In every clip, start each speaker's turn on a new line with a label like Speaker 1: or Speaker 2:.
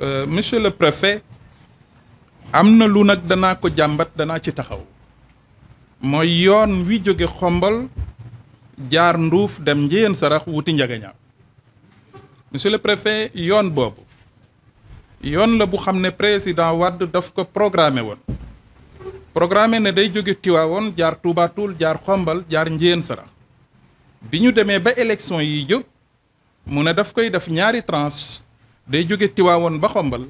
Speaker 1: Euh, monsieur le préfet am na lu nag danaa ko jàmbat danaa ci taxaw mooy yoon wi jóge xombal jaar nduuf dem njëyeen sarax wuti njagañaaw monsieur le préfet yoon boobu yoon la bu xam ne président wadd daf ko programmé woon programmé ne day jóge Tiwaawoon jaar Touba jaar xombal jaar njëyeen sarax bi ñu demee ba élection yi jóg mu ne daf koy def ñaari trance day jóge Tiwaawoon ba xombal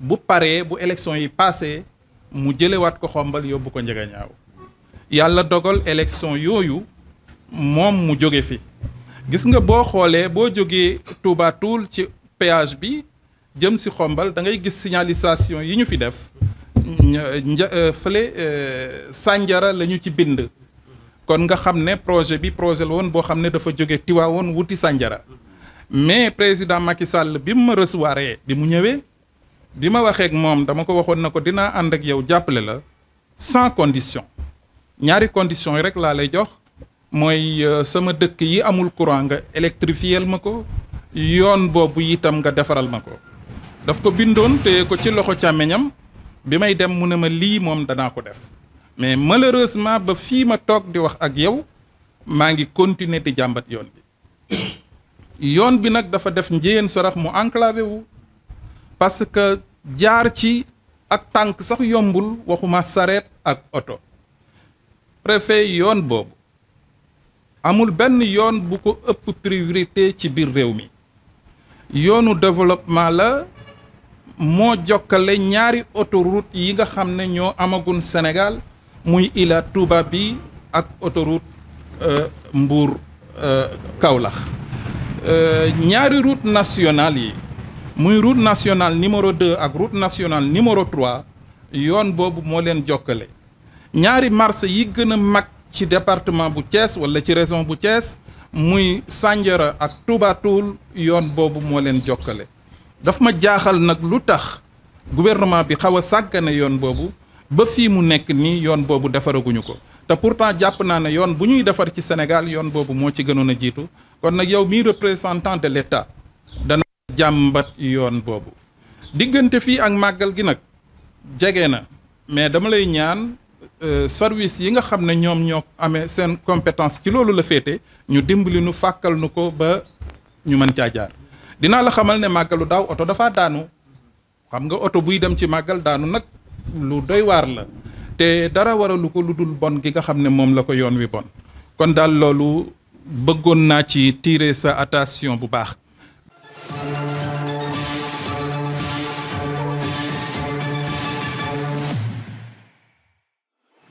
Speaker 1: bu paree bu élection yi passé mu jëlewaat ko xombal yóbbu ko njëgañaaw yàlla dogal élection yooyu moom mu jóge fi gis nga boo xoolee boo jógee Touba Toul ci péage bi jëm si xombal dangay ngay gis signalisation yi ñu fi def nja euh, fële euh, sànjara lañu ci bind kon nga xam ne projet bi projet la woon boo xam ne dafa jóge Tiwaawoon wuti sànjara mais président Macky Sall bi mu ma recevoir bi mu ñëwee bi ma waxee ak moom dama ko waxoon na ko dinaa ànd ak yow jàppale la sans condition ñaari condition yi rek laa lay jox mooy euh, sama dëkk yi amul courant nga électrifiel ma ko yoon boobu itam nga defaral ma ko daf ko bindoon téye ko ci loxo càmmeñam bi may dem mu ne ma lii moom danaa ko def mais malheureusement ba fii ma toog di wax ak yow maa ngi continuer di jàmbat yoon bi yoon bi nag dafa def njéyeen sarax mu enclavé wu parce que jaar ci ak tànk sax yombul waxuma saret ak oto préfet yoon boobu amul benn yoon bu ko ëpp priorité ci biir réew mi yoonu développement la moo jokkale ñaari autoroute yi nga xam ne ñoo amagun Sénégal muy Ila Touba bi ak autoroute euh, Mbour euh, kawlax Euh, ñaari route nationale yi muy route nationale numéro 2 ak route nationale numéro 3 yoon boobu moo leen jokkale ñaari marché yi gën a mag ci département bu cees wala ci région bu Thiès muy sànjara ak Touba yoon boobu moo leen jokkale daf ma jaaxal nag lu tax gouvernement bi xaw a sàggane yoon boobu ba fii mu nekk nii yoon boobu defaraguñu ko te pourtant jàpp naa ne yoon bu ñuy defar ci Sénégal yoon boobu moo ci gënoon a jiitu kon nag yow miy représentant de l'État dana jàmbat yoon boobu diggante fii ak màggal gi nag jege na mais dama lay ñaan euh, service yi nga xam ne ñoom ñoo amee seen compétence ci loolu la féete ñu dimbali nu fàkkal nu ko ba ñu mën caa jaar dinaa la xamal ne màggalu daaw oto dafa daanu xam nga oto buy dem ci màggal daanu nag lu doy waar la te dara waralu ko lu dul bon gi nga xam ne moom la ko yoon wi bon kon daal loolu bëggoon naa ci tiire sa attention bu baax